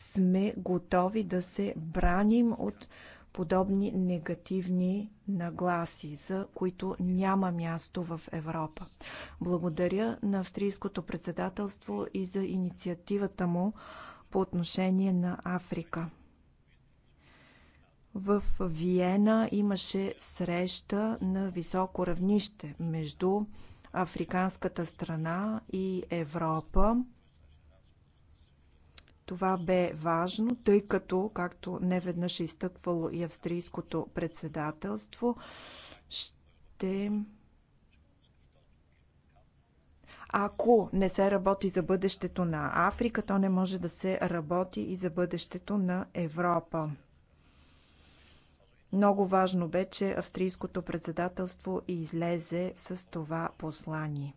сме готови да се браним от подобни негативни нагласи, за които няма място в Европа. Благодаря на австрийското председателство и за инициативата му по отношение на Африка. В Виена имаше среща на високо равнище между африканската страна и Европа. Това бе важно, тъй като, както неведнъж е изтъквало и австрийското председателство, ще ако не се работи за бъдещето на Африка, то не може да се работи и за бъдещето на Европа. Много важно бе, че австрийското председателство излезе с това послание.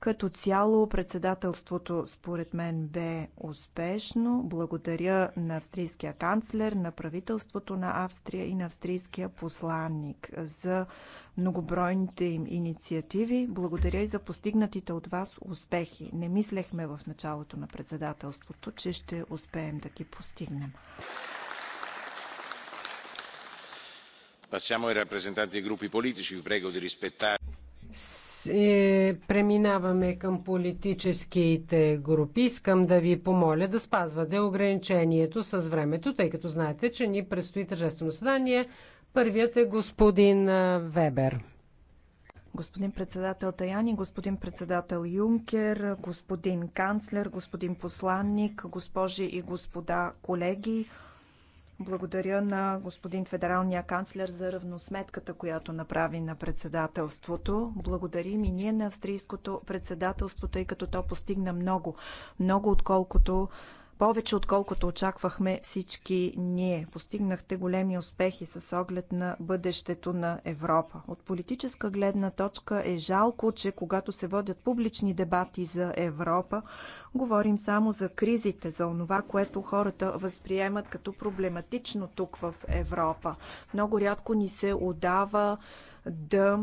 Като цяло председателството според мен бе успешно. Благодаря на австрийския канцлер, на правителството на Австрия и на австрийския посланник за многобройните им инициативи. Благодаря и за постигнатите от вас успехи. Не мислехме в началото на председателството, че ще успеем да ги постигнем. Passiamo ai rappresentanti dei gruppi politici, vi prego di rispettare е, преминаваме към политическите групи. Искам да ви помоля да спазвате ограничението с времето, тъй като знаете, че ни предстои тържествено съдание. Първият е господин Вебер. Господин председател Таяни, господин председател Юнкер, господин канцлер, господин посланник, госпожи и господа колеги, благодаря на господин федералния канцлер за равносметката, която направи на председателството. Благодарим и ние на австрийското председателство, тъй като то постигна много, много отколкото повече отколкото очаквахме всички ние. Постигнахте големи успехи с оглед на бъдещето на Европа. От политическа гледна точка е жалко, че когато се водят публични дебати за Европа, говорим само за кризите, за онова, което хората възприемат като проблематично тук в Европа. Много рядко ни се удава да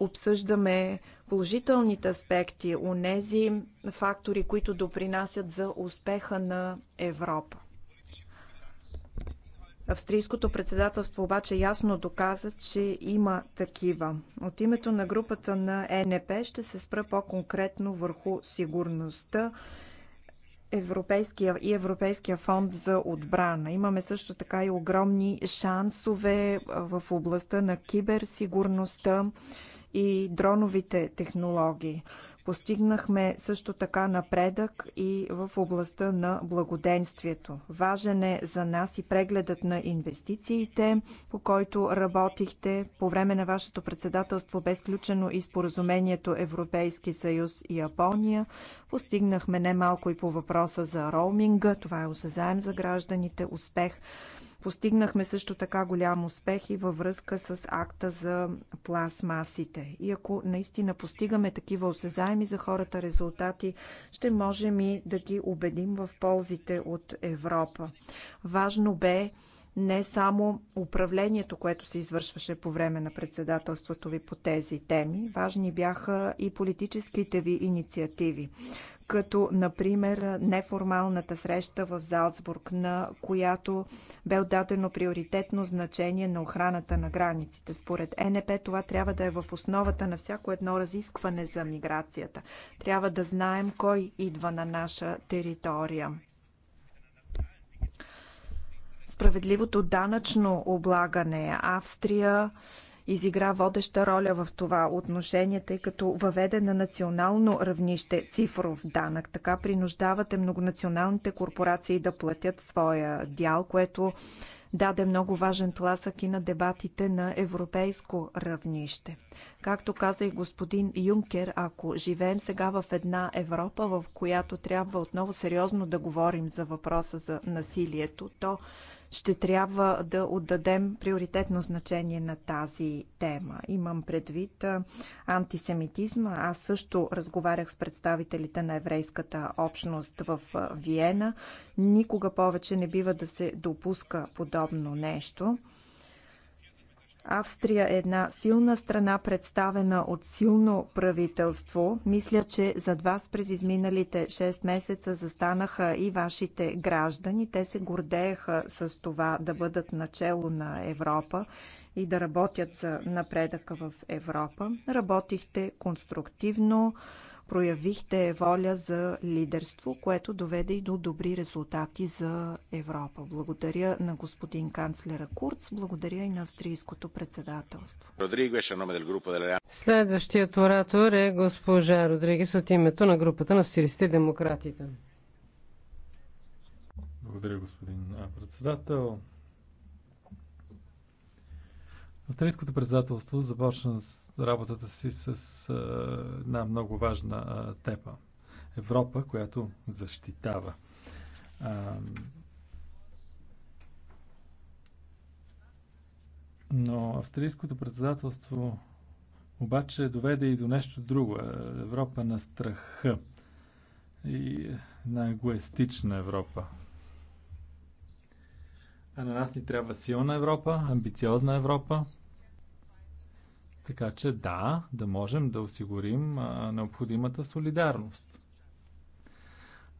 обсъждаме положителните аспекти, онези фактори, които допринасят за успеха на Европа. Австрийското председателство обаче ясно доказа, че има такива. От името на групата на ЕНП ще се спра по-конкретно върху сигурността Европейския и Европейския фонд за отбрана. Имаме също така и огромни шансове в областта на киберсигурността и дроновите технологии. Постигнахме също така напредък и в областта на благоденствието. Важен е за нас и прегледът на инвестициите, по който работихте. По време на вашето председателство бе сключено и споразумението Европейски съюз и Япония. Постигнахме немалко и по въпроса за роуминга. Това е осезаем за гражданите успех. Постигнахме също така голям успех и във връзка с акта за пластмасите. И ако наистина постигаме такива осезаеми за хората резултати, ще можем и да ги убедим в ползите от Европа. Важно бе не само управлението, което се извършваше по време на председателството ви по тези теми, важни бяха и политическите ви инициативи като например неформалната среща в Залцбург, на която бе отдадено приоритетно значение на охраната на границите. Според НП това трябва да е в основата на всяко едно разискване за миграцията. Трябва да знаем кой идва на наша територия. Справедливото данъчно облагане Австрия изигра водеща роля в това отношение, тъй като въведе на национално равнище цифров данък. Така принуждавате многонационалните корпорации да платят своя дял, което даде много важен тласък и на дебатите на европейско равнище. Както каза и господин Юнкер, ако живеем сега в една Европа, в която трябва отново сериозно да говорим за въпроса за насилието, то ще трябва да отдадем приоритетно значение на тази тема. Имам предвид антисемитизма. Аз също разговарях с представителите на еврейската общност в Виена. Никога повече не бива да се допуска подобно нещо. Австрия е една силна страна, представена от силно правителство. Мисля, че зад вас през изминалите 6 месеца застанаха и вашите граждани. Те се гордееха с това да бъдат начало на Европа и да работят за напредъка в Европа. Работихте конструктивно, проявихте воля за лидерство, което доведе и до добри резултати за Европа. Благодаря на господин канцлера Курц, благодаря и на австрийското председателство. Следващият оратор е госпожа Родригес от името на групата на Сиристи и демократите. Благодаря, господин председател. Австрийското председателство започна с работата си с една много важна тема. Европа, която защитава. Но австрийското председателство обаче доведе и до нещо друго. Европа на страха и на егоистична Европа. А на нас ни трябва силна Европа, амбициозна Европа, така че да, да можем да осигурим а, необходимата солидарност.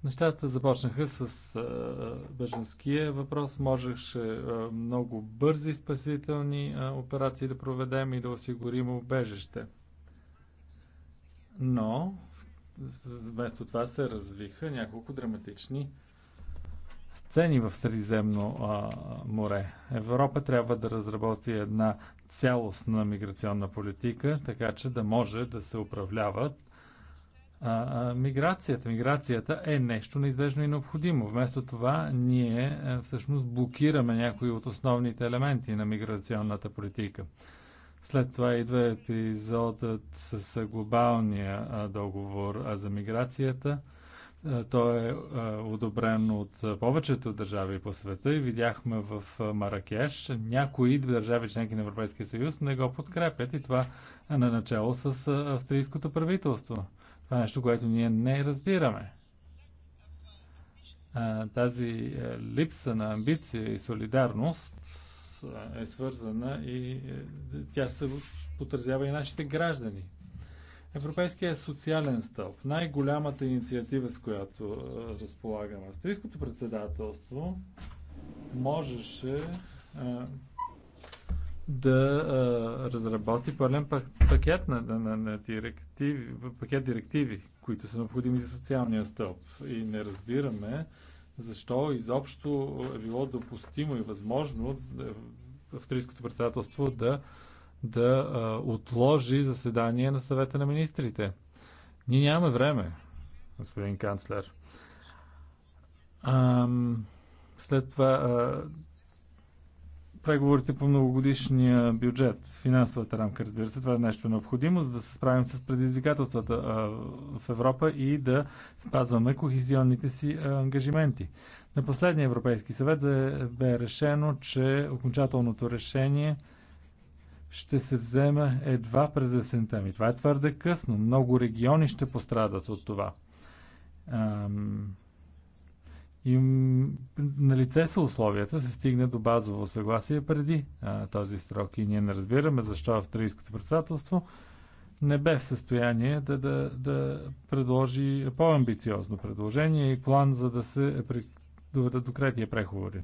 Нещата започнаха с а, беженския въпрос. Можеше а, много бързи спасителни а, операции да проведем и да осигурим убежище. Но вместо това се развиха няколко драматични сцени в Средиземно а, море. Европа трябва да разработи една цялостна миграционна политика, така че да може да се управляват а, а, миграцията. Миграцията е нещо неизбежно и необходимо. Вместо това ние а, е, всъщност блокираме някои от основните елементи на миграционната политика. След това идва епизодът с глобалния договор за миграцията – е, той е, е одобрен от е, повечето държави по света и видяхме в Маракеш някои държави членки на Европейския съюз не го подкрепят и това е на начало с австрийското правителство. Това е нещо, което ние не разбираме. Тази липса на амбиция и солидарност е свързана и тя се отразява и нашите граждани. Европейския социален стълб, най-голямата инициатива, с която разполагаме. Австрийското председателство можеше а, да а, разработи пълен пакет на, на, на директиви, пакет директиви, които са необходими за социалния стълб. И не разбираме защо изобщо е било допустимо и възможно австрийското председателство да да отложи заседание на съвета на министрите. Ние нямаме време, господин канцлер. Ам, след това а, преговорите по многогодишния бюджет, с финансовата рамка, разбира се, това е нещо необходимо, за да се справим с предизвикателствата а, в Европа и да спазваме кохезионните си а, ангажименти. На последния Европейски съвет бе решено, че окончателното решение а, ще се вземе едва през есента ми. Това е твърде късно. Много региони ще пострадат от това. Ам... И на лице са условията, се стигне до базово съгласие преди а, този срок. И ние не разбираме защо австрийското председателство не бе в състояние да, да, да предложи по-амбициозно предложение и план, за да се доведат до край тия преговори.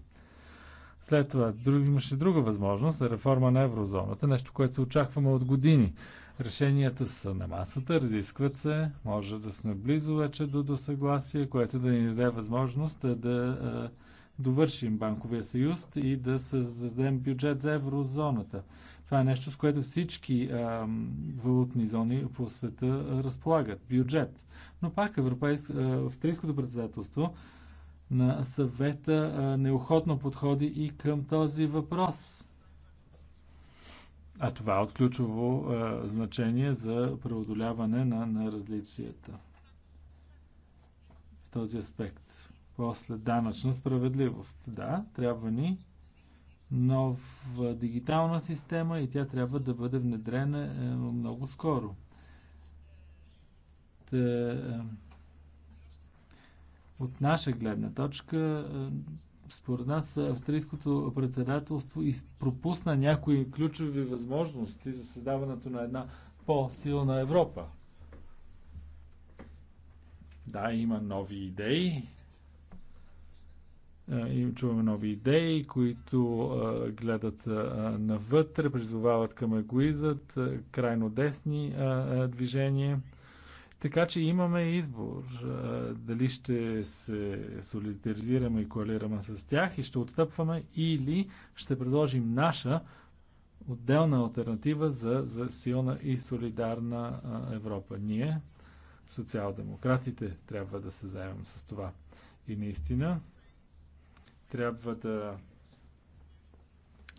След това друг, имаше друга възможност за реформа на еврозоната, нещо, което очакваме от години. Решенията са на масата, разискват се, може да сме близо вече до, до съгласие, което да ни даде възможност да, да довършим банковия съюз и да създадем бюджет за еврозоната. Това е нещо, с което всички а, валутни зони по света разполагат. Бюджет. Но пак европейск, австрийското председателство на съвета неохотно подходи и към този въпрос. А това е от ключово е, значение за преодоляване на, на различията в този аспект. После данъчна справедливост. Да, трябва ни нова дигитална система и тя трябва да бъде внедрена е, много скоро. Та, е, от наша гледна точка, е, според нас австрийското председателство пропусна някои ключови възможности за създаването на една по-силна Европа. Да, има нови идеи. Е, и чуваме нови идеи, които е, гледат навътре, призовават към егоизът, крайно десни движения. Така че имаме избор дали ще се солидаризираме и коалираме с тях и ще отстъпваме или ще предложим наша отделна альтернатива за, за силна и солидарна Европа. Ние, социал-демократите, трябва да се заемем с това. И наистина трябва да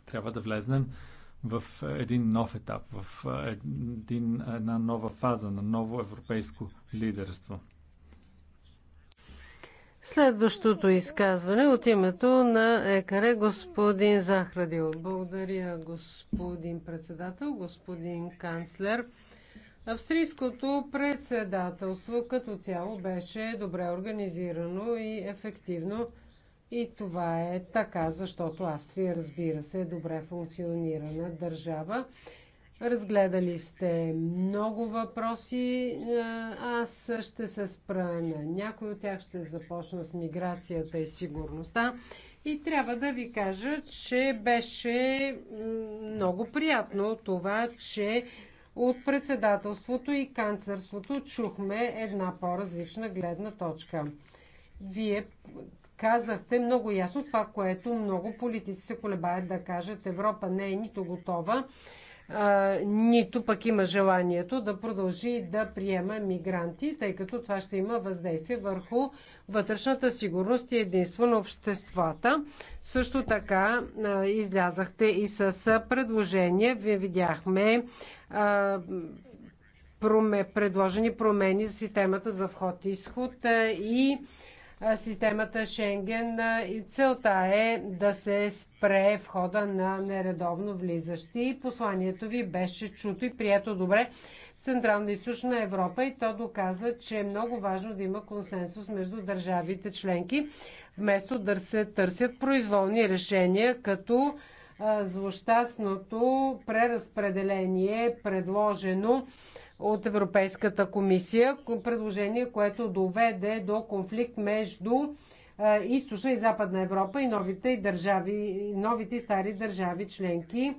трябва да влезнем в един нов етап, в един, една нова фаза на ново европейско лидерство. Следващото изказване от името на ЕКАРЕ господин Захрадил. Благодаря, господин председател, господин канцлер. Австрийското председателство като цяло беше добре организирано и ефективно. И това е така, защото Австрия, разбира се, е добре функционирана държава. Разгледали сте много въпроси. Аз ще се спра на някой от тях. Ще започна с миграцията и сигурността. И трябва да ви кажа, че беше много приятно това, че от председателството и канцерството чухме една по-различна гледна точка. Вие казахте много ясно това, което много политици се колебаят да кажат. Европа не е нито готова, а, нито пък има желанието да продължи да приема мигранти, тъй като това ще има въздействие върху вътрешната сигурност и единство на обществата. Също така а, излязахте и с предложение. Вие видяхме а, проме, предложени промени за системата за вход-изход и изход и системата Шенген. И целта е да се спре входа на нередовно влизащи. Посланието ви беше чуто и прието добре. Централна и Източна Европа и то доказа, че е много важно да има консенсус между държавите членки, вместо да се търсят произволни решения, като злощастното преразпределение, предложено от Европейската комисия. Предложение, което доведе до конфликт между източна и западна Европа и новите, и държави, новите и стари държави членки.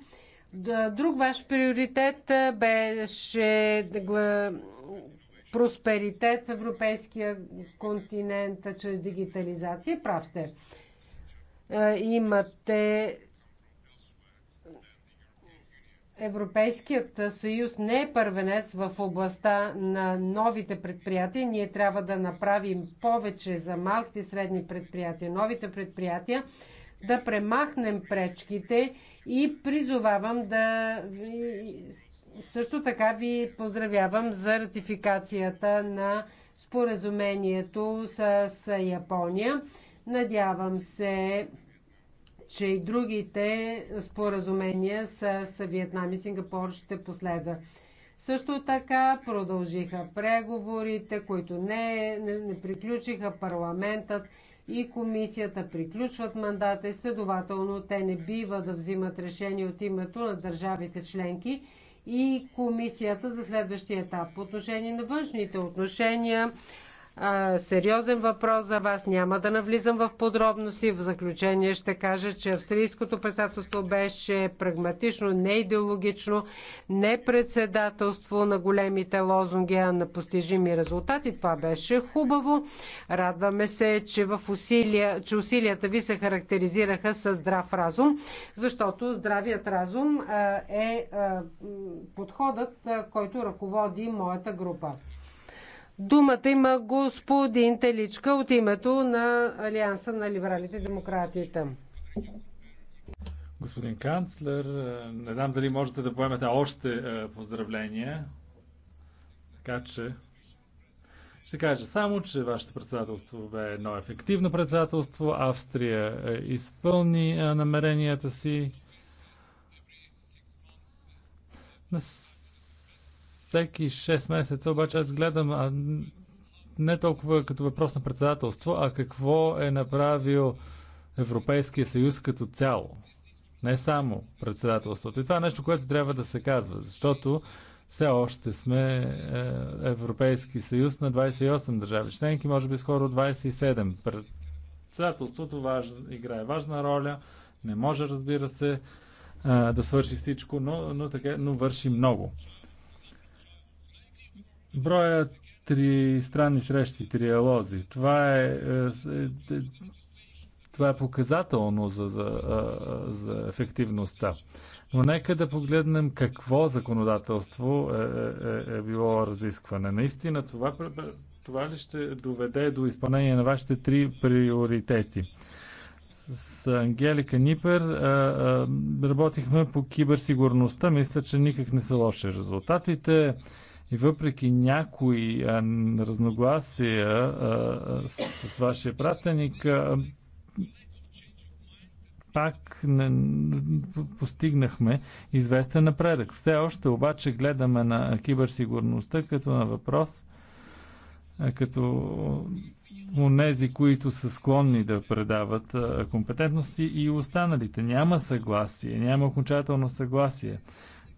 Друг ваш приоритет беше просперитет в европейския континент чрез дигитализация. Прав сте. Имате Европейският съюз не е първенец в областта на новите предприятия. Ние трябва да направим повече за малките и средни предприятия, новите предприятия, да премахнем пречките и призовавам да също така ви поздравявам за ратификацията на споразумението с Япония. Надявам се че и другите споразумения с Виетнам и Сингапур ще последва. Също така продължиха преговорите, които не, не, не приключиха парламентът и комисията приключват мандата и следователно те не бива да взимат решение от името на държавите членки и комисията за следващия етап. По отношение на външните отношения, а, сериозен въпрос за вас. Няма да навлизам в подробности. В заключение ще кажа, че австрийското председателство беше прагматично, не идеологично, не председателство на големите лозунги, а на постижими резултати. Това беше хубаво. Радваме се, че, в усилия, че усилията ви се характеризираха с здрав разум, защото здравият разум е подходът, който ръководи моята група. Думата има господин Теличка от името на Алианса на либералите и демократите. Господин канцлер, не знам дали можете да поемете още е, поздравления. Така че ще кажа само, че вашето председателство бе едно ефективно председателство. Австрия е, изпълни е, намеренията си всеки 6 месеца, обаче аз гледам а, не толкова като въпрос на председателство, а какво е направил Европейския съюз като цяло. Не само председателството. И това е нещо, което трябва да се казва, защото все още сме е, Европейски съюз на 28 държави членки, може би скоро 27. Председателството важ, играе важна роля, не може, разбира се, е, да свърши всичко, но, но, така, но върши много. Броя три странни срещи, триалози. Това е, е, е, това е показателно за, за, е, за ефективността. Но нека да погледнем какво законодателство е, е, е било разискване. Наистина това, това ли ще доведе до изпълнение на вашите три приоритети? с Ангелика Нипер работихме по киберсигурността. Мисля, че никак не са лоши резултатите. И въпреки някои а, разногласия а, с, с вашия пратеник, а, пак не, постигнахме известен напредък. Все още обаче гледаме на киберсигурността като на въпрос, като онези, които са склонни да предават компетентности и останалите. Няма съгласие, няма окончателно съгласие.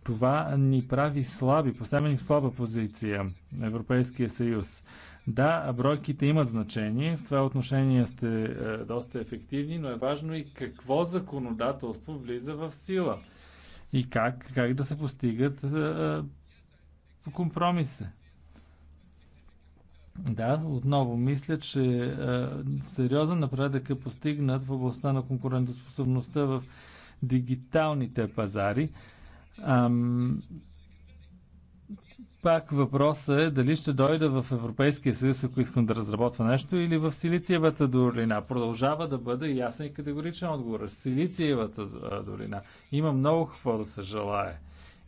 Това ни прави слаби, поставени в слаба позиция Европейския съюз. Да, бройките имат значение, в това отношение сте е, доста ефективни, но е важно и какво законодателство влиза в сила и как, как да се постигат е, е компромиси. Да, отново мисля, че е, сериозен напредък е постигнат в областта на конкурентоспособността в дигиталните пазари. Е, Ам... Пак въпросът е дали ще дойда в Европейския съюз, ако искам да разработва нещо, или в Силициевата долина. Продължава да бъде ясен и категоричен отговор. Силициевата долина. Има много какво да се желае.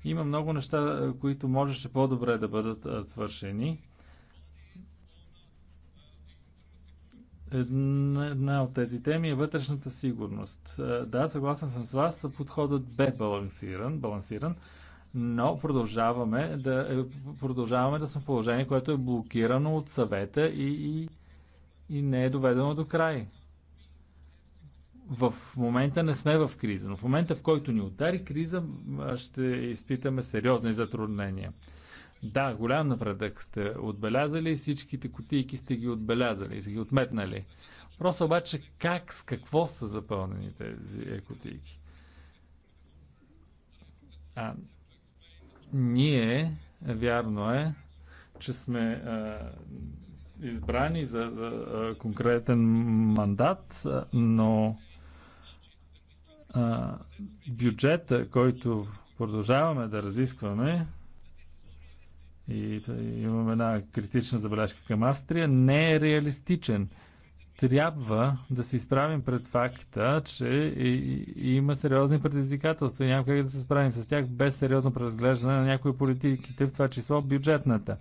Има много неща, които можеше по-добре да бъдат свършени. Една, една от тези теми е вътрешната сигурност. Е, да, съгласен съм с вас, подходът бе балансиран, балансиран но продължаваме да, е, продължаваме да сме в положение, което е блокирано от съвета и, и, и не е доведено до край. В момента не сме в криза, но в момента, в който ни удари криза, ще изпитаме сериозни затруднения. Да, голям напредък сте отбелязали, всичките кутийки сте ги отбелязали, сте ги отметнали. Въпрос обаче как, с какво са запълнени тези е, кутийки? А, ние, вярно е, че сме а, избрани за, за а, конкретен мандат, но а, бюджета, който продължаваме да разискваме, и имам една критична забележка към Австрия, не е реалистичен. Трябва да се изправим пред факта, че има сериозни предизвикателства и няма как да се справим с тях без сериозно преразглеждане на някои политиките, в това число бюджетната.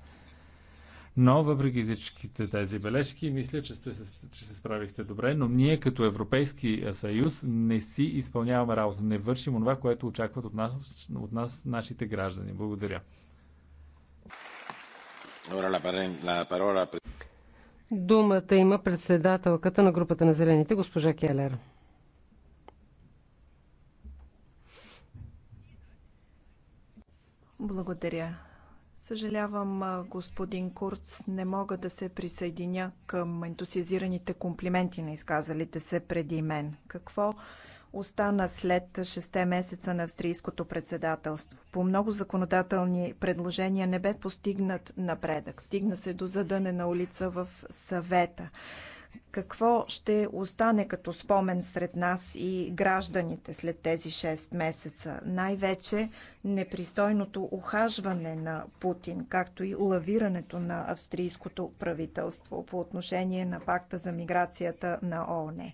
Но въпреки всичките тези бележки, мисля, че, сте, че се справихте добре, но ние като Европейски съюз не си изпълняваме работа, не вършим това, което очакват от нас, от нас нашите граждани. Благодаря. Думата има председателката на групата на зелените, госпожа Келер. Благодаря. Съжалявам, господин Курц, не мога да се присъединя към ентусиазираните комплименти на изказалите се преди мен. Какво остана след 6 месеца на австрийското председателство. По много законодателни предложения не бе постигнат напредък. Стигна се до задънена улица в съвета. Какво ще остане като спомен сред нас и гражданите след тези 6 месеца? Най-вече непристойното ухажване на Путин, както и лавирането на австрийското правителство по отношение на пакта за миграцията на ООН.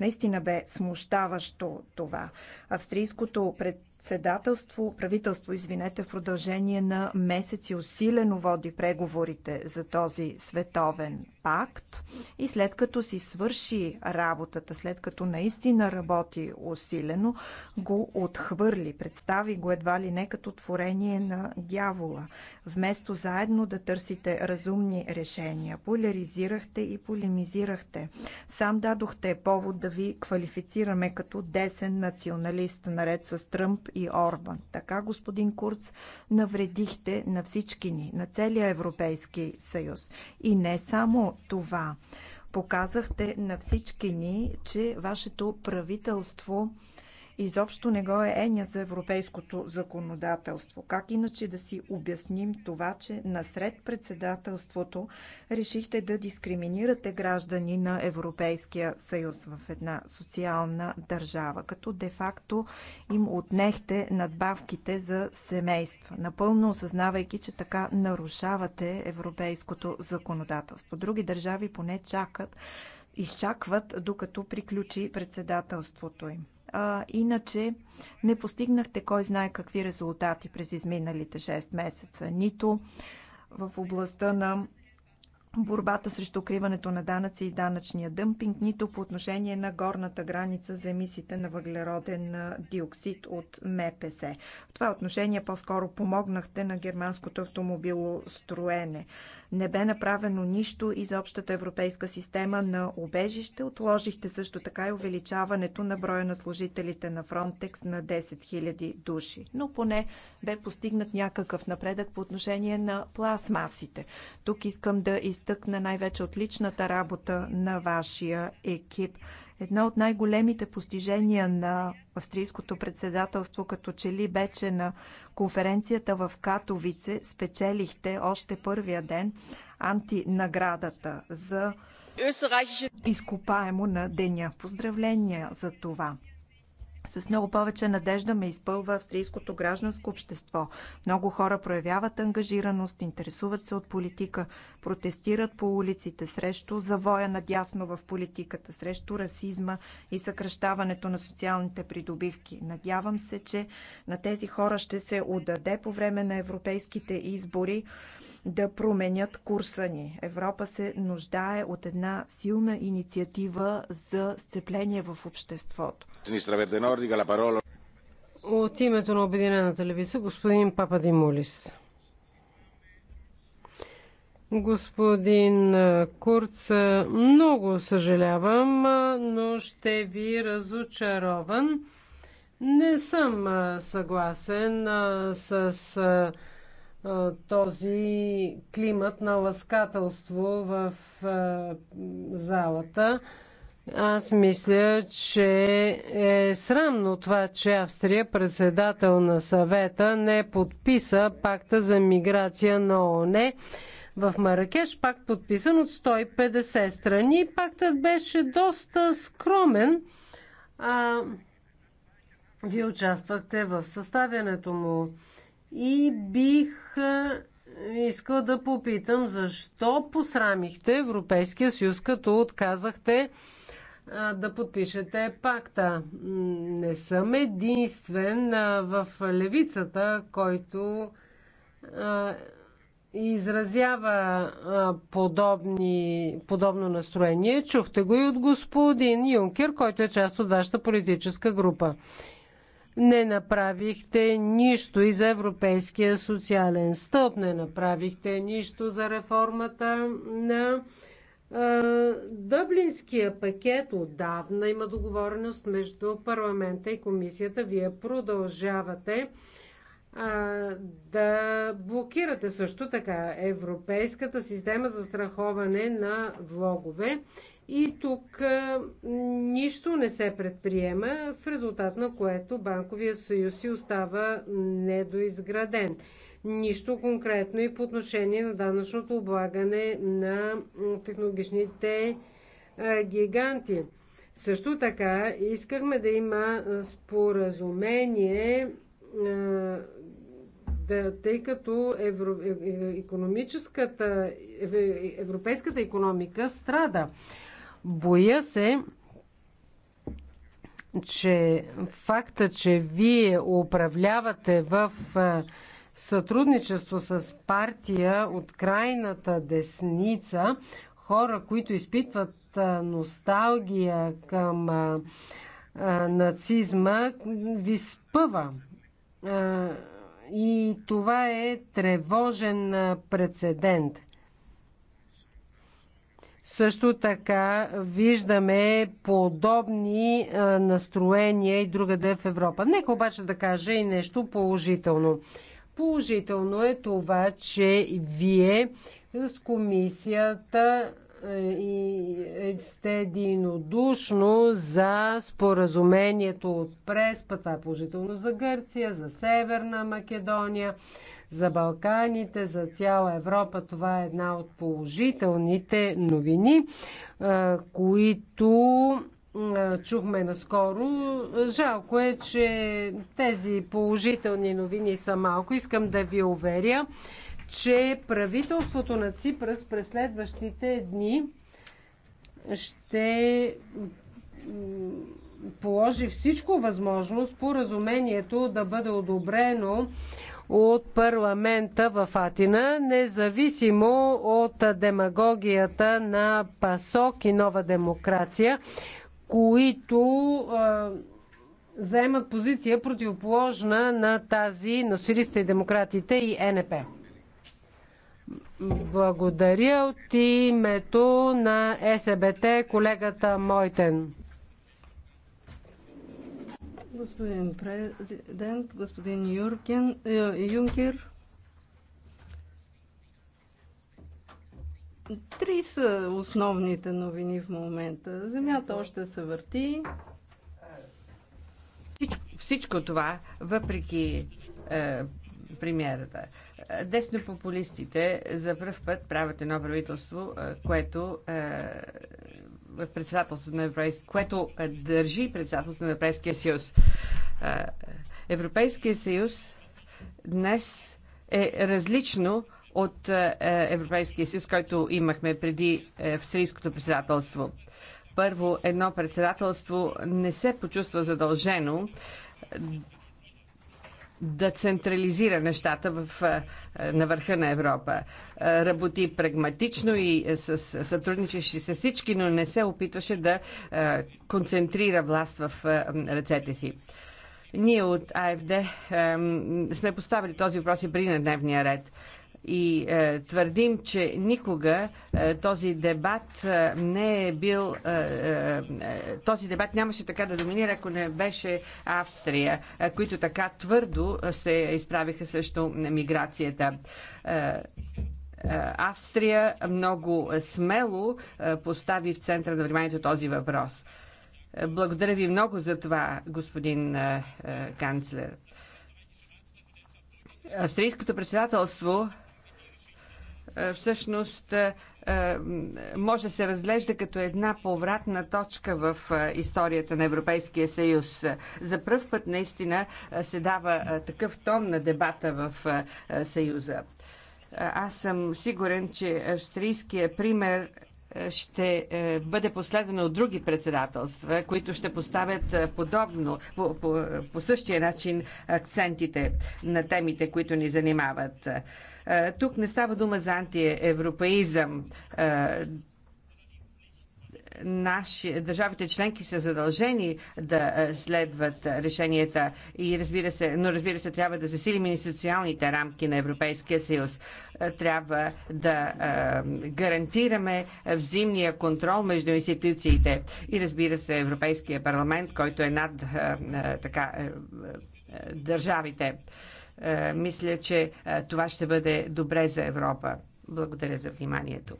Наистина бе смущаващо това. Австрийското пред председателство, правителство, извинете, в продължение на месеци усилено води преговорите за този световен пакт и след като си свърши работата, след като наистина работи усилено, го отхвърли, представи го едва ли не като творение на дявола. Вместо заедно да търсите разумни решения, поляризирахте и полемизирахте. Сам дадохте повод да ви квалифицираме като десен националист, наред с Тръмп и Орбан. Така, господин Курц, навредихте на всички ни, на целия Европейски съюз. И не само това. Показахте на всички ни, че вашето правителство изобщо не го е еня за европейското законодателство. Как иначе да си обясним това, че насред председателството решихте да дискриминирате граждани на Европейския съюз в една социална държава, като де-факто им отнехте надбавките за семейства, напълно осъзнавайки, че така нарушавате европейското законодателство. Други държави поне чакат изчакват докато приключи председателството им а, иначе не постигнахте кой знае какви резултати през изминалите 6 месеца. Нито в областта на борбата срещу укриването на данъци и данъчния дъмпинг, нито по отношение на горната граница за емисиите на въглероден диоксид от МПС. В това отношение по-скоро помогнахте на германското автомобилостроене. Не бе направено нищо и за общата европейска система на обежище. Отложихте също така и увеличаването на броя на служителите на Frontex на 10 000 души. Но поне бе постигнат някакъв напредък по отношение на пластмасите. Тук искам да изтъкна изтъкна най-вече отличната работа на вашия екип. Едно от най-големите постижения на австрийското председателство, като че ли беше на конференцията в Катовице, спечелихте още първия ден антинаградата за изкопаемо на деня. Поздравления за това! с много повече надежда ме изпълва австрийското гражданско общество. Много хора проявяват ангажираност, интересуват се от политика, протестират по улиците срещу завоя надясно в политиката, срещу расизма и съкръщаването на социалните придобивки. Надявам се, че на тези хора ще се отдаде по време на европейските избори да променят курса ни. Европа се нуждае от една силна инициатива за сцепление в обществото. Синистра Верде Нордика, ла От името на Обединената телевизия, господин Папа Димулис. Господин Курц, много съжалявам, но ще ви разочарован. Не съм съгласен с този климат на ласкателство в залата. Аз мисля, че е срамно това, че Австрия, председател на съвета, не подписа пакта за миграция на ОНЕ в Маракеш, пакт подписан от 150 страни. Пактът беше доста скромен. А, вие участвахте в съставянето му и бих искал да попитам защо посрамихте Европейския съюз, като отказахте да подпишете пакта. Не съм единствен в левицата, който изразява подобни, подобно настроение. Чухте го и от господин Юнкер, който е част от вашата политическа група. Не направихте нищо и за Европейския социален стълб, не направихте нищо за реформата на е, Дъблинския пакет отдавна има договореност между парламента и комисията. Вие продължавате е, да блокирате също така Европейската система за страховане на влогове. И тук е, нищо не се предприема, в резултат на което Банковия съюз си остава недоизграден нищо конкретно и по отношение на данъчното облагане на технологичните гиганти. Също така искахме да има споразумение, да, тъй като евро, економическата, е, е, е, европейската економика страда. Боя се, че факта, че вие управлявате в сътрудничество с партия от крайната десница, хора, които изпитват носталгия към нацизма, ви спъва. И това е тревожен прецедент. Също така виждаме подобни настроения и другаде в Европа. Нека обаче да кажа и нещо положително. Положително е това, че вие с комисията е, и е, сте единодушно за споразумението от Преспа. Това е положително за Гърция, за Северна Македония, за Балканите, за цяла Европа. Това е една от положителните новини, е, които чухме наскоро. Жалко е, че тези положителни новини са малко. Искам да ви уверя, че правителството на Ципрас през следващите дни ще положи всичко възможно споразумението да бъде одобрено от парламента в Атина, независимо от демагогията на ПАСОК и Нова демокрация, които а, заемат позиция противоположна на тази на социалистите и демократите и НП. Благодаря от името на СБТ колегата Мойтен. Господин президент, господин Юрген, е, Юнкер, Три са основните новини в момента. Земята още се върти. Всичко, всичко това, въпреки е, премиерата, деснопопулистите за първ път правят едно правителство, е, което е, в председателството на Европейския, което е, държи председателството на Европейския съюз. Е, Европейския съюз днес е различно от е, е, Европейския съюз, който имахме преди е, австрийското председателство. Първо, едно председателство не се почувства задължено да централизира нещата в, на върха на Европа. Работи прагматично и с, сътрудничеше с всички, но не се опитваше да концентрира власт в ръцете си. Ние от АФД сме поставили този въпрос и при на дневния ред и е, твърдим, че никога е, този дебат е, не е бил. Е, е, е, този дебат нямаше така да доминира, ако не беше Австрия, е, които така твърдо е, се изправиха срещу миграцията. Е, е Австрия много смело постави в центъра на вниманието този въпрос. Благодаря ви много за това, господин канцлер. Австрийското председателство е, всъщност е, е, може да се разглежда като една повратна точка в историята на Европейския съюз. За пръв път наистина се дава такъв тон на дебата в съюза. Аз съм сигурен, че австрийския пример ще е, бъде последвано от други председателства, които ще поставят е, подобно, по, по, по същия начин акцентите на темите, които ни занимават. Е, тук не става дума за антиевропеизъм наши, държавите членки са задължени да е, следват решенията и разбира се, но разбира се, трябва да засилим и социалните рамки на Европейския съюз. Е, трябва да е, гарантираме взимния контрол между институциите и разбира се, Европейския парламент, който е над така държавите. Мисля, че това ще бъде добре за Европа. Благодаря за вниманието.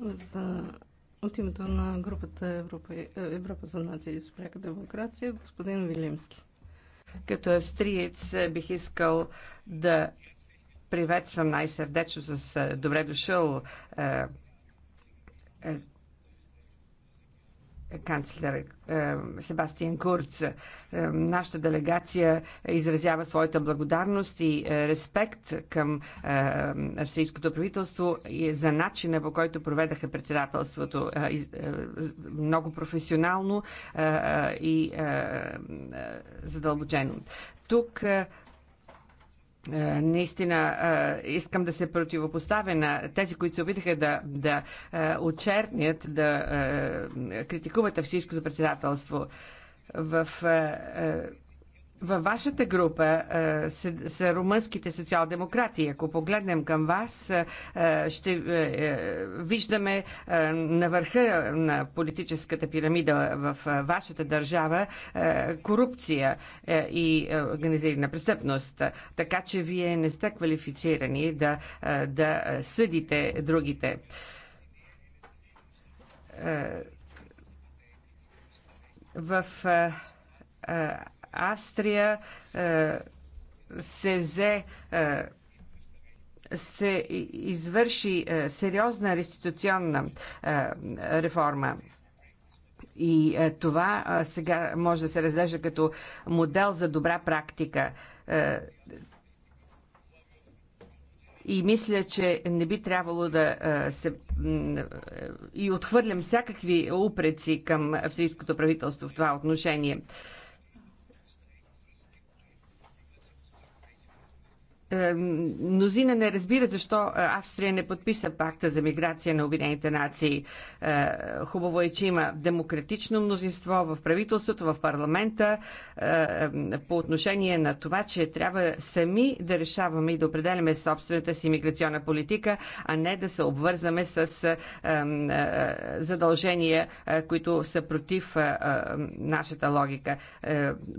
За от името на групата Европа, е, Европа за нация и спряка демокрация, господин Вилимски. Като австриец е, бих искал да приветствам най-сърдечно с е, добре дошъл канцлер е, Себастиан Курц. Е, нашата делегация изразява своята благодарност и е, респект към австрийското правителство и за начина по който проведаха председателството много професионално и задълбочено. Тук е, наистина е, искам да се противопоставя на тези, които се опитаха да, да е, очернят, да критикуват всичкото председателство. В във вашата група е, са, румънските социал-демократи. Ако погледнем към вас, е, е ще е, е, виждаме е, на върха на политическата пирамида в е, вашата държава е, корупция е, и е, организирана престъпност. Така че вие не сте квалифицирани да, е, да съдите другите. Е, в. Е, е Австрия е, се взе е, се извърши е, сериозна реституционна реформа. И това сега може да се разглежда като модел за добра практика. И мисля, че не би трябвало да се. И отхвърлям всякакви упреци към австрийското правителство в това отношение. Е, мнозина не разбират защо е, Австрия не подписа пакта за миграция на Обединените нации. Е, хубаво е, че има демократично мнозинство в правителството, в парламента по отношение на това, че трябва сами да решаваме и да определяме собствената си миграционна политика, а не да се обвързаме с задължения, които са против нашата логика.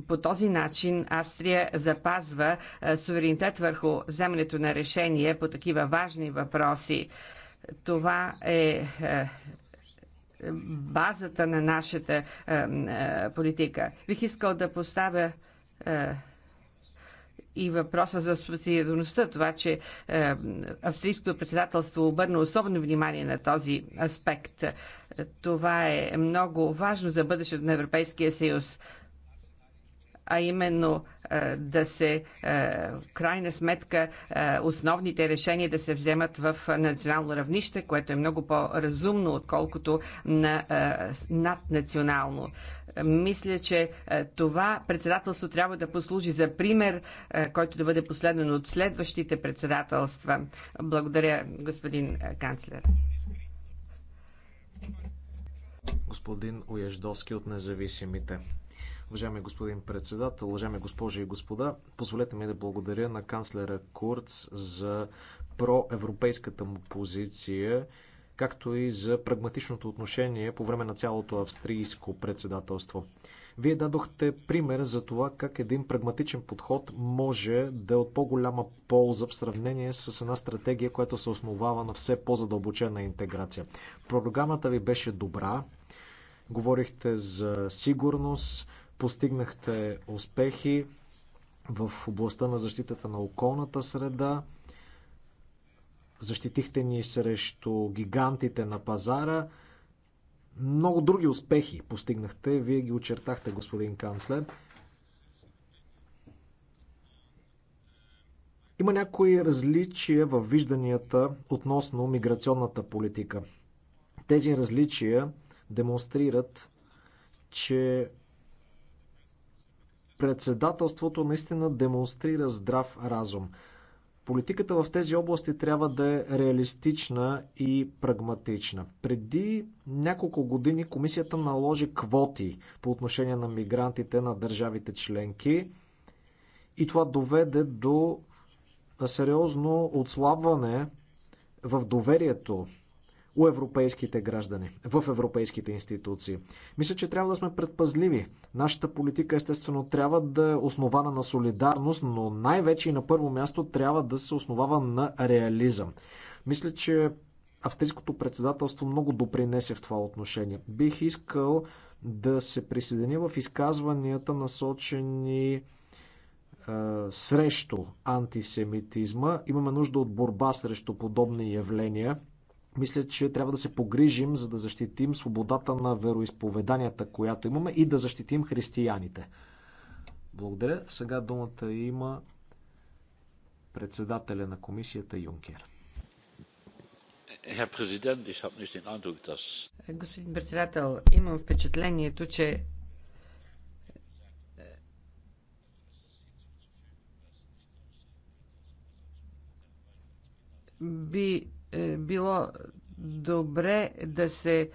По този начин Австрия запазва суверенитет върху върху вземането на решение по такива важни въпроси. Това е, е базата на нашата е, е, политика. Бих искал да поставя и въпроса за субсидиарността, това, че австрийското председателство обърна особено внимание на този аспект. Това е много важно за бъдещето на Европейския съюз а именно да се в крайна сметка основните решения да се вземат в национално равнище, което е много по-разумно, отколкото на наднационално. Мисля, че това председателство трябва да послужи за пример, който да бъде последен от следващите председателства. Благодаря, господин канцлер. Господин Уеждовски от независимите. Уважаеми господин председател, уважаеми госпожи и господа, позволете ми да благодаря на канцлера Курц за проевропейската му позиция, както и за прагматичното отношение по време на цялото австрийско председателство. Вие дадохте пример за това как един прагматичен подход може да е от по-голяма полза в сравнение с една стратегия, която се основава на все по-задълбочена интеграция. Програмата ви беше добра, говорихте за сигурност, Постигнахте успехи в областта на защитата на околната среда. Защитихте ни срещу гигантите на пазара. Много други успехи постигнахте. Вие ги очертахте, господин канцлер. Има някои различия в вижданията относно миграционната политика. Тези различия демонстрират, че Председателството наистина демонстрира здрав разум. Политиката в тези области трябва да е реалистична и прагматична. Преди няколко години комисията наложи квоти по отношение на мигрантите на държавите членки и това доведе до сериозно отслабване в доверието у европейските граждани, в европейските институции. Мисля, че трябва да сме предпазливи. Нашата политика, естествено, трябва да е основана на солидарност, но най-вече и на първо място трябва да се основава на реализъм. Мисля, че австрийското председателство много допринесе в това отношение. Бих искал да се присъединя в изказванията насочени е, срещу антисемитизма. Имаме нужда от борба срещу подобни явления мисля, че трябва да се погрижим, за да защитим свободата на вероисповеданията, която имаме и да защитим християните. Благодаря. Сега думата има председателя на комисията Юнкер. Господин председател, имам впечатлението, че е, би е било добре да се.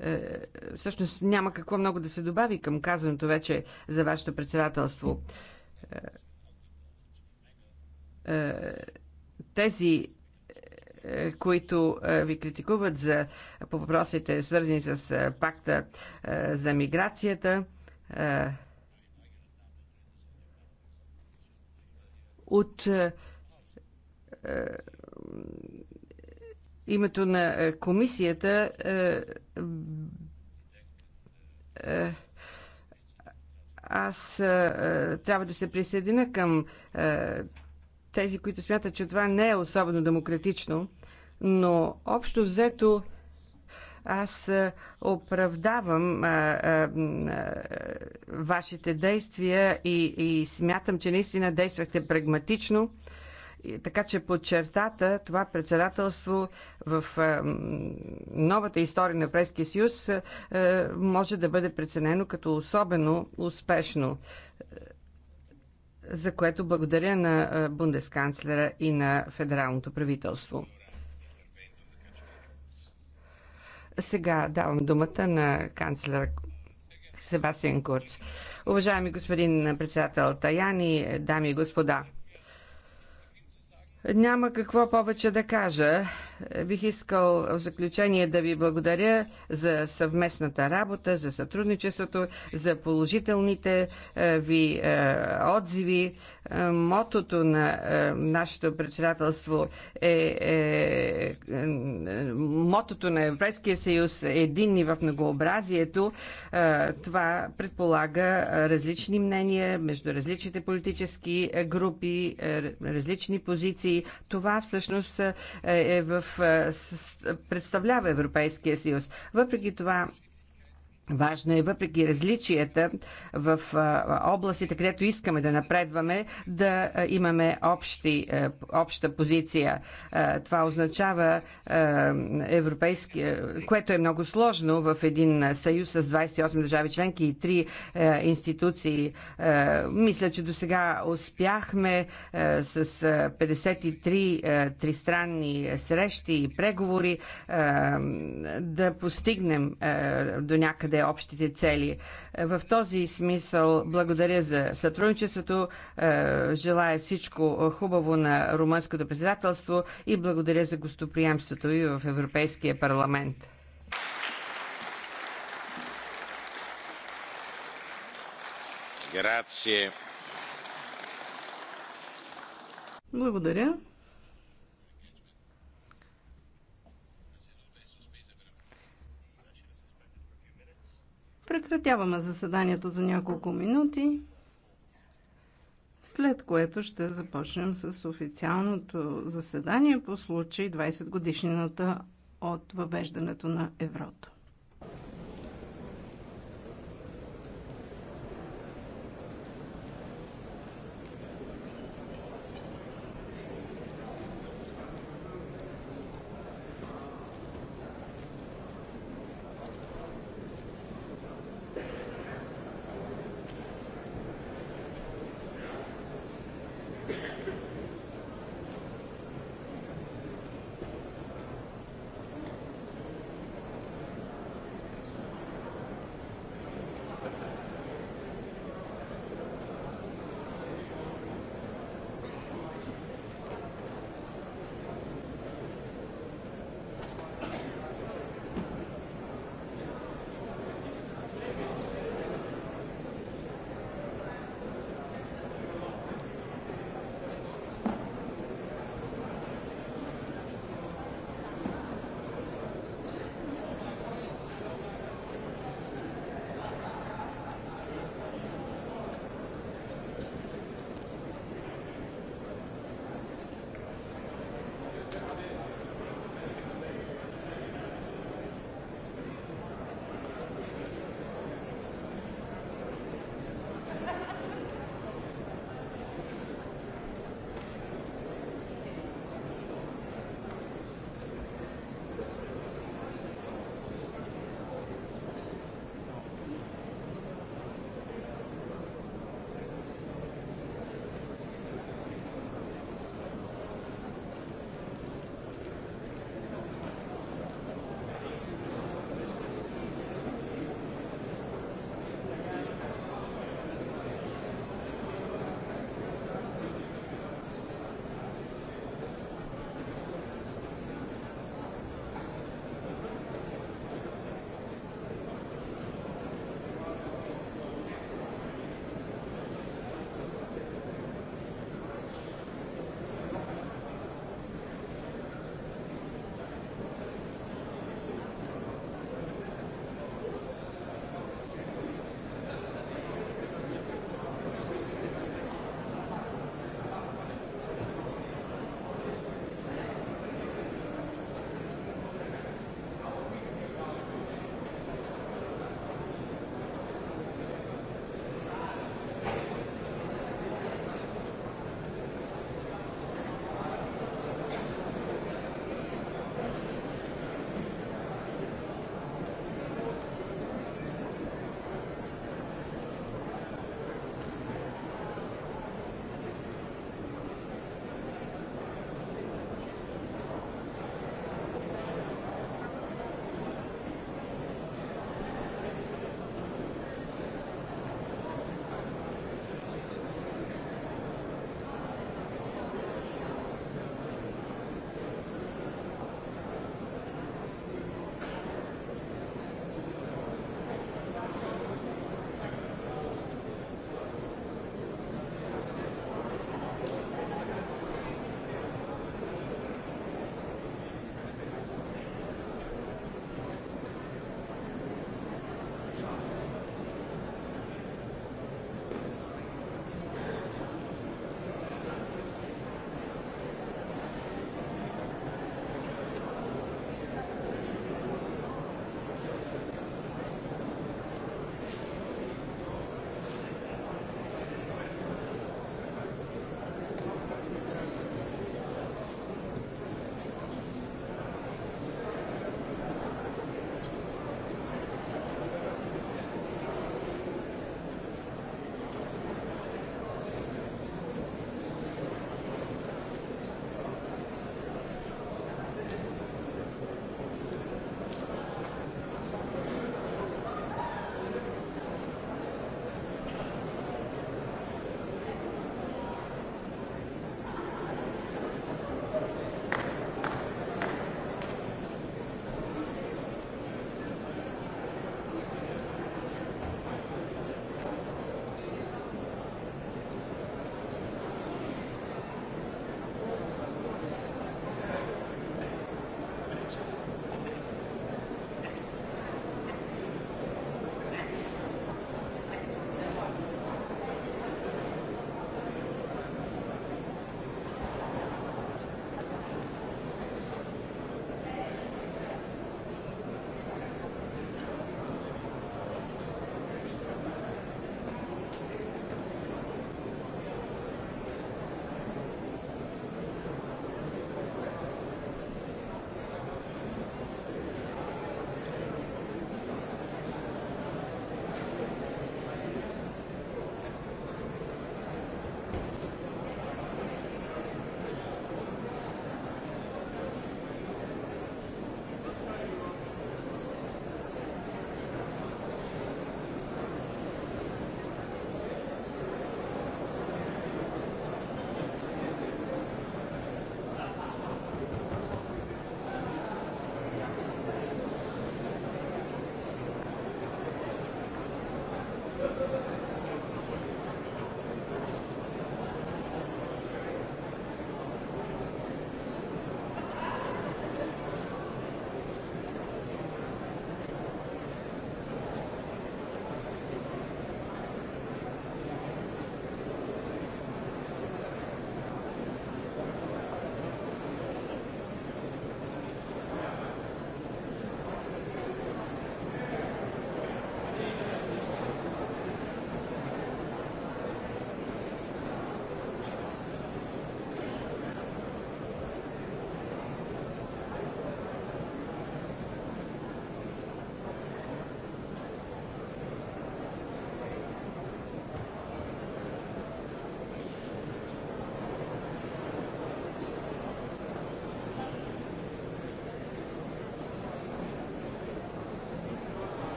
Е, всъщност няма какво много да се добави към казаното вече за вашето председателство. Е, тези които ви критикуват за, по въпросите, свързани с пакта за миграцията. От името на е, комисията е, е, аз трябва да се присъединя към тези, които смятат, че това не е особено демократично, но общо взето аз оправдавам вашите действия и смятам, че наистина действахте прагматично. Така че под чертата това председателство в е, новата история на Европейския съюз е, е, може да бъде преценено като особено успешно за което благодаря на бундесканцлера и на федералното правителство. Сега давам думата на канцлера Себастиан Курц. Уважаеми господин председател Таяни, дами и господа, няма какво повече да кажа. Е, бих искал в заключение да ви благодаря за съвместната работа, за сътрудничеството, за положителните е, ви е, отзиви. Мотото на нашето председателство е, е мотото на Европейския съюз е единни в многообразието. Това предполага различни мнения между различните политически групи, различни позиции. Това всъщност е в е, представлява Европейския съюз. Въпреки това Важно е, въпреки различията в областите, където искаме да напредваме, да имаме общи, обща позиция. Това означава европейски, което е много сложно в един съюз с 28 държави членки и 3 институции. Мисля, че до сега успяхме с 53 тристранни срещи и преговори да постигнем до някъде постигнете общите цели. Е, в този смисъл благодаря за сътрудничеството, е, желая всичко е, хубаво на румънското председателство и благодаря за гостоприемството ви в Европейския парламент. Благодаря. Прекратяваме заседанието за няколко минути, след което ще започнем с официалното заседание по случай 20 годишнината от въвеждането на еврото.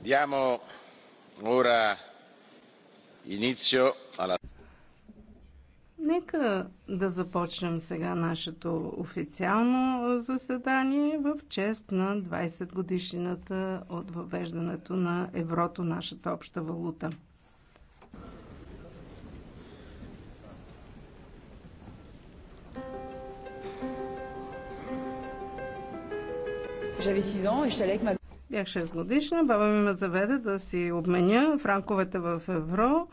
Diamo ora inizio alla... Нека да започнем сега нашето официално заседание в чест на 20 годишнината от въвеждането на еврото, нашата обща валута. J'avais 6 ans et j'étais avec ma Бях 6 годишна, баба ми ме заведе да си обменя франковете в евро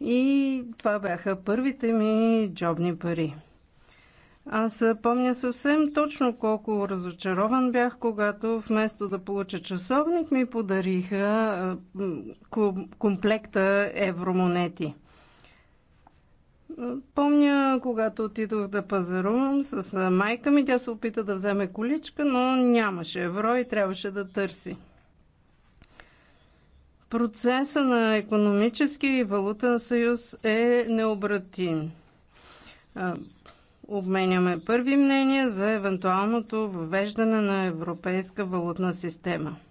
и това бяха първите ми джобни пари. Аз помня съвсем точно колко разочарован бях, когато вместо да получа часовник ми подариха комплекта евромонети. Помня, когато отидох да пазарувам с майка ми, тя се опита да вземе количка, но нямаше евро и трябваше да търси. Процеса на економически и валутен съюз е необратим. Обменяме първи мнения за евентуалното въвеждане на европейска валутна система –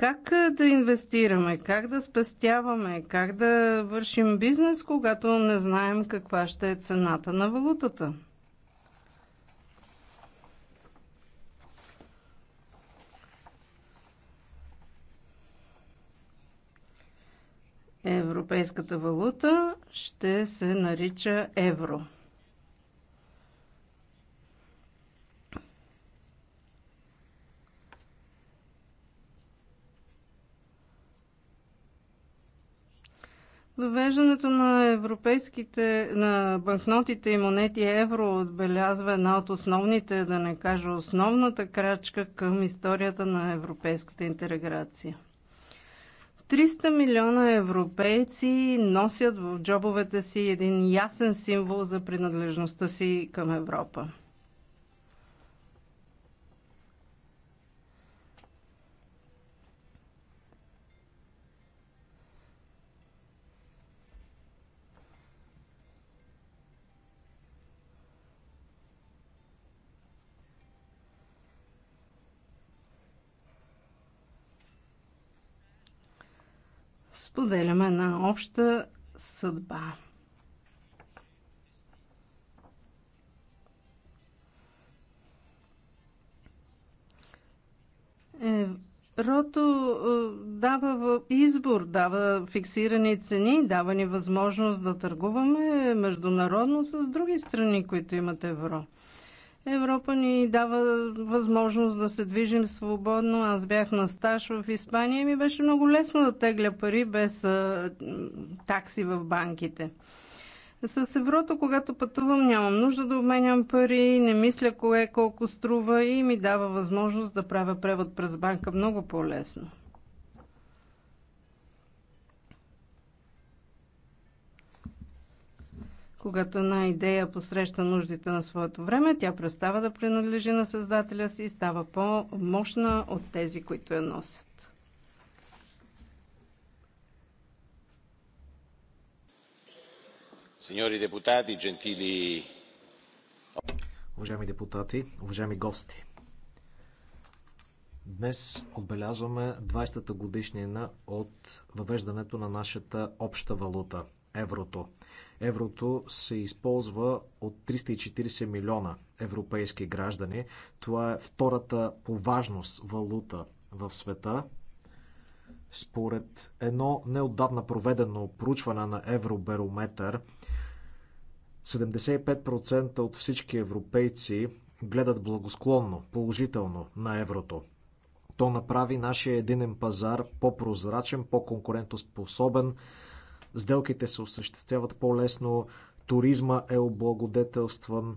как да инвестираме, как да спестяваме, как да вършим бизнес, когато не знаем каква ще е цената на валутата? Европейската валута ще се нарича евро. Въвеждането на европейските, на банкнотите и монети евро отбелязва една от основните, да не кажа основната крачка към историята на европейската интеграция. 300 милиона европейци носят в джобовете си един ясен символ за принадлежността си към Европа. споделяме една обща съдба. Е, Рото дава избор, дава фиксирани цени, дава ни възможност да търгуваме международно с други страни, които имат евро. Европа ни дава възможност да се движим свободно. Аз бях на стаж в Испания и ми беше много лесно да тегля пари без а, такси в банките. С еврото, когато пътувам, нямам нужда да обменям пари, не мисля кое колко струва и ми дава възможност да правя превод през банка много по-лесно. Когато една идея посреща нуждите на своето време, тя престава да принадлежи на създателя си и става по-мощна от тези, които я носят. Сеньори депутати, джентили... Уважаеми депутати, уважаеми гости, Днес отбелязваме 20-та годишнина от въвеждането на нашата обща валута – еврото – Еврото се използва от 340 милиона европейски граждани. Това е втората по важност валута в света. Според едно неотдавна проведено проучване на Евробарометър, 75% от всички европейци гледат благосклонно, положително на еврото. То направи нашия единен пазар по-прозрачен, по-конкурентоспособен, Сделките се осъществяват по-лесно, туризма е облагодетелстван.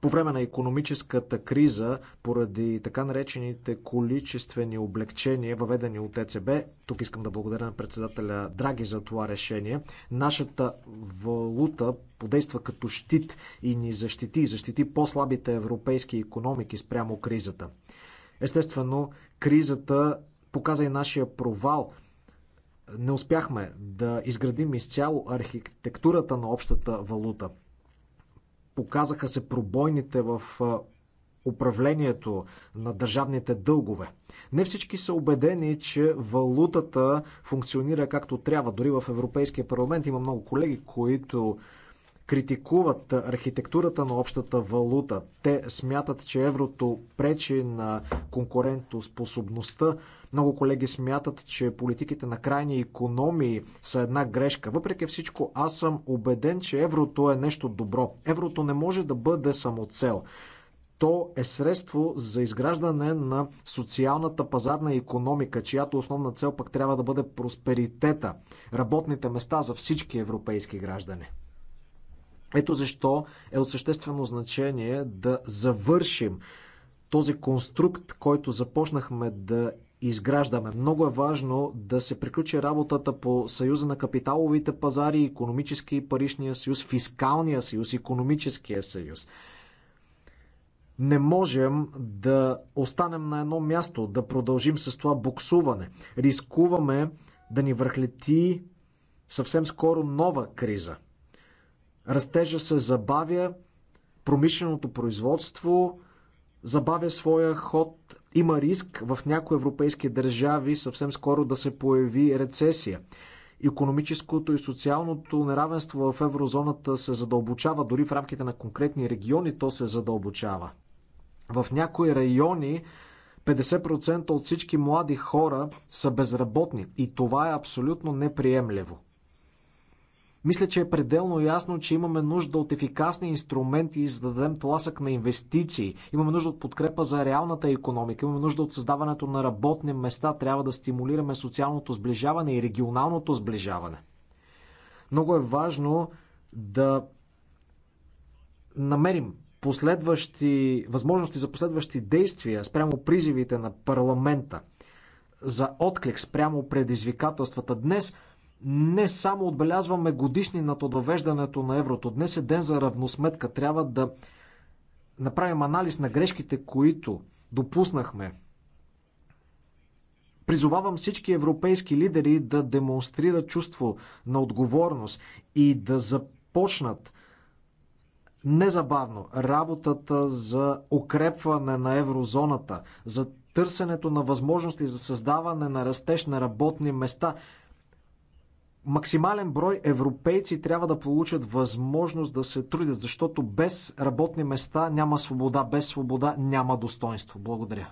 По време на економическата криза, поради така наречените количествени облегчения, въведени от ЕЦБ, тук искам да благодаря на председателя Драги за това решение, нашата валута подейства като щит и ни защити, защити по-слабите европейски економики спрямо кризата. Естествено, кризата показа и нашия провал. Не успяхме да изградим изцяло архитектурата на общата валута. Показаха се пробойните в управлението на държавните дългове. Не всички са убедени, че валутата функционира както трябва. Дори в Европейския парламент има много колеги, които критикуват архитектурата на общата валута. Те смятат, че еврото пречи на конкурентоспособността много колеги смятат, че политиките на крайни економии са една грешка. Въпреки всичко, аз съм убеден, че еврото е нещо добро. Еврото не може да бъде самоцел то е средство за изграждане на социалната пазарна економика, чиято основна цел пък трябва да бъде просперитета, работните места за всички европейски граждани. Ето защо е от съществено значение да завършим този конструкт, който започнахме да изграждаме. Много е важно да се приключи работата по Съюза на капиталовите пазари, економически и паричния съюз, фискалния съюз, економическия съюз. Не можем да останем на едно място, да продължим с това буксуване. Рискуваме да ни върхлети съвсем скоро нова криза. Растежа се забавя, промишленото производство забавя своя ход, има риск в някои европейски държави съвсем скоро да се появи рецесия. Економическото и социалното неравенство в еврозоната се задълбочава, дори в рамките на конкретни региони то се задълбочава. В някои райони 50% от всички млади хора са безработни и това е абсолютно неприемливо. Мисля, че е пределно ясно, че имаме нужда от ефикасни инструменти, за да дадем тласък на инвестиции. Имаме нужда от подкрепа за реалната економика, имаме нужда от създаването на работни места, трябва да стимулираме социалното сближаване и регионалното сближаване. Много е важно да намерим последващи, възможности за последващи действия спрямо призивите на парламента за отклик спрямо предизвикателствата. Днес не само отбелязваме годишнината от въвеждането на еврото. Днес е ден за равносметка. Трябва да направим анализ на грешките, които допуснахме. Призовавам всички европейски лидери да демонстрират чувство на отговорност и да започнат незабавно работата за укрепване на еврозоната, за търсенето на възможности за създаване на растеж на работни места, максимален брой европейци трябва да получат възможност да се трудят, защото без работни места няма свобода, без свобода няма достоинство. Благодаря.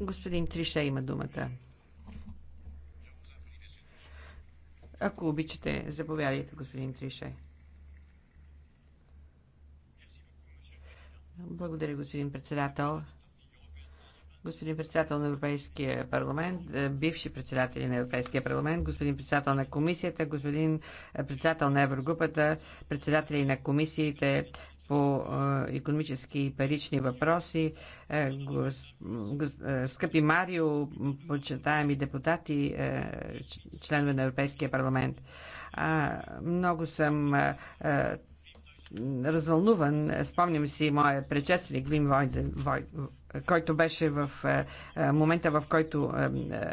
Господин Трише има думата. Ако обичате, заповядайте, господин Трише. Благодаря, господин председател. Господин председател на Европейския парламент, е, бивши председатели на Европейския парламент, господин председател на комисията, господин е, председател на Еврогрупата, председатели на комисиите, по економически и парични въпроси. Е, скъпи Марио, почитаеми депутати, членове на Европейския парламент. Много съм развълнуван. Спомням си моя предшественик Вим Вой, който беше в е, е, момента, в който е,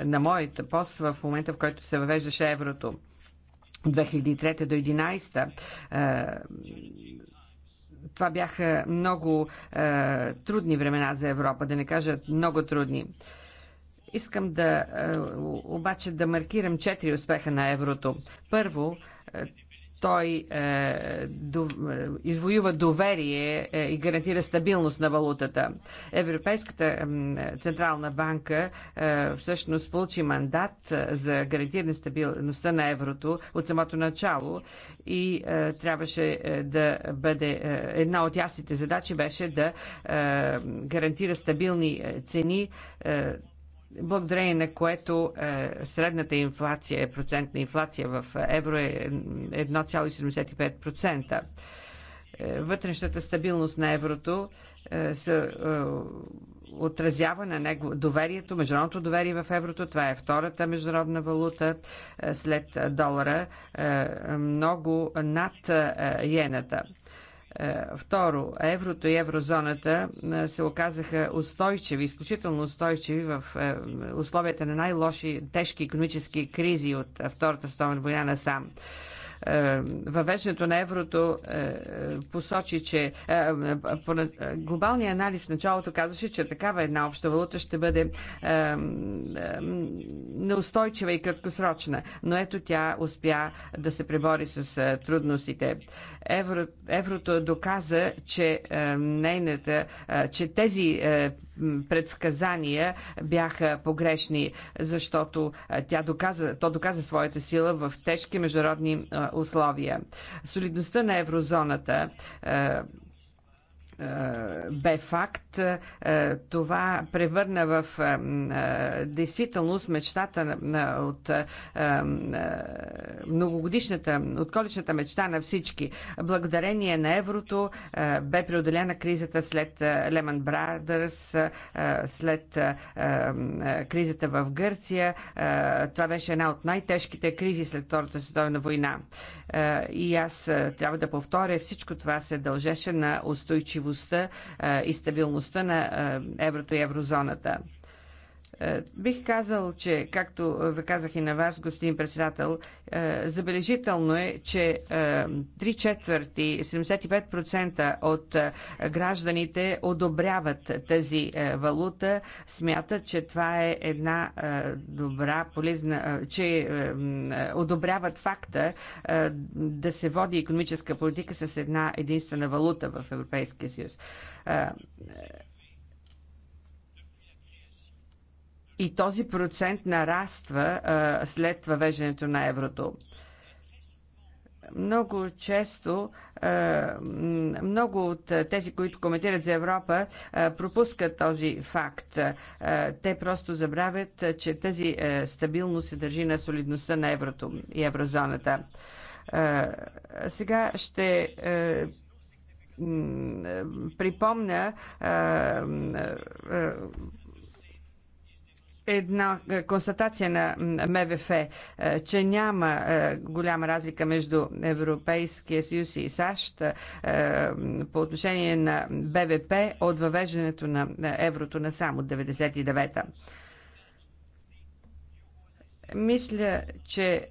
на моята пост, в момента, в който се въвеждаше еврото 2003 до 2011 това бяха много трудни времена за Европа, да не кажа много трудни. Искам да обаче да маркирам четири успеха на еврото. Първо, той е, до, е, извоюва доверие е, и гарантира стабилност на валутата. Европейската е, централна банка е, всъщност получи мандат е, за гарантиране стабилността на еврото от самото начало и е, трябваше е, да бъде е, една от ясните задачи беше да е, гарантира стабилни е, цени. Е, благодарение на което е, средната инфлация, процентна инфлация в евро е 1,75%. Е, вътрешната стабилност на еврото е, се е, отразява на него доверието, международното доверие в еврото. Това е втората международна валута е, след долара, много над иената. йената. Е, второ, еврото и еврозоната е, се оказаха устойчиви, изключително устойчиви в е, условията на най-лоши, тежки економически кризи от Втората световна война насам. сам е, въвеждането на еврото е, посочи, че е, глобалния анализ в началото казваше, че такава една обща валута ще бъде неустойчива и краткосрочна. Но ето тя успя да се пребори с трудностите. Евро, еврото доказа, че нейната, че тези предсказания бяха погрешни, защото тя доказа, то доказа своята сила в тежки международни условия. Солидността на еврозоната бе факт, е, това превърна в е, действителност мечтата от е, многогодишната, от количната мечта на всички. Благодарение на еврото бе преодоляна кризата след Lehman Brothers, след кризата в Гърция. Това беше една от най-тежките кризи след Втората световна война. И аз трябва да повторя, всичко това се дължеше на устойчивост сигурността и стабилността на еврото и еврозоната. Е, бих казал, че, както ви казах и на вас, господин председател, е, забележително е, че 3 е, четвърти, 75% от гражданите одобряват тази валута, смятат, че това е една добра, полезна, че одобряват факта да се води економическа политика с една единствена валута в Европейския съюз и този процент нараства а, след въвеждането на еврото. Много често, много от тези, които коментират за Европа, пропускат този факт. те просто забравят, че тази стабилност се държи на солидността на еврото и еврозоната. Сега ще припомня една е, констатация на МВФ, е, че няма е, голяма разлика между Европейския съюз и САЩ по отношение на БВП от въвеждането на еврото на само 99-та. Мисля, че